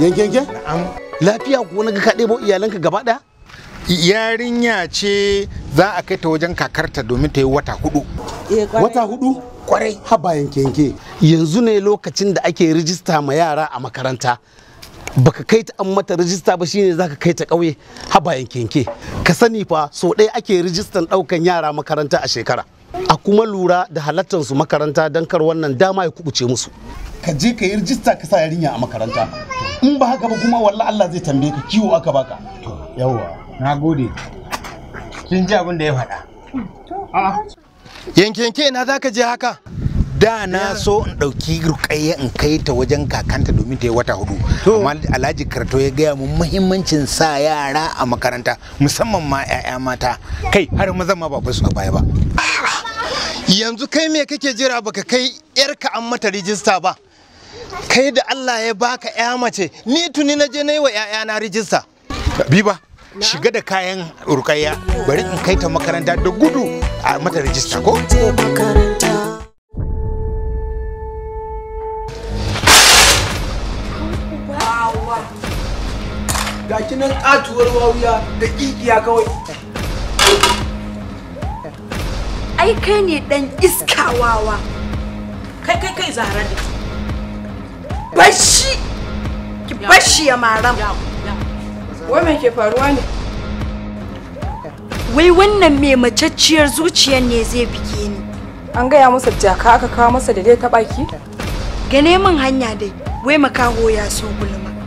yanke yanke lafiya ko na ga ka ɗebo iyalanka gaba ɗaya yarinya ce za a kai ta wajen kakarta domin ta yi wata hudu eh, wata hudu kwarai haba yanke yanzu ne lokacin da ake rijista ma yara a makaranta baka kai ta an mata rijista ba shine zaka kai ta ƙauye haba yanke ka sani fa so ɗaya ake rijistan ɗaukan yara makaranta a shekara a kuma lura da halattar su makaranta don kar wannan dama ya kubuce musu ka je ka yi rijista ka sa yarinya a makaranta in ba haka ba kuma walla Allah zai tambaye ka kiwo aka baka yawa na gode kin ji abin da ya faɗa yankenke na zaka je haka da na so in ɗauki rukayya in kai ta wajen kakanta domin ta yi wata hudu amma alhaji karto ya gaya mun muhimmancin sa yara a makaranta musamman ma 'ya'ya mata kai har maza ma ba su a baya ba yanzu kai me kake jira baka kai yarka an mata rijista ba kai da Allah ya baka ya mace ni tuni na je na yi wa 'ya'yana rijista biba shiga da kayan rukayya bari in kai ta makaranta da gudu a mata rijista ko ga kinan atuwar wawuya da kikiya kawai ai kai ne dan iskawawa kai kai kai zara da bashi ki bashi ya maram wai me ke faruwa ne wai wannan mai macacciyar zuciyar ne zai bige ni an gaya masa jaka aka kawo masa da dai ta baki gane min hanya dai wai makaho ya so gulma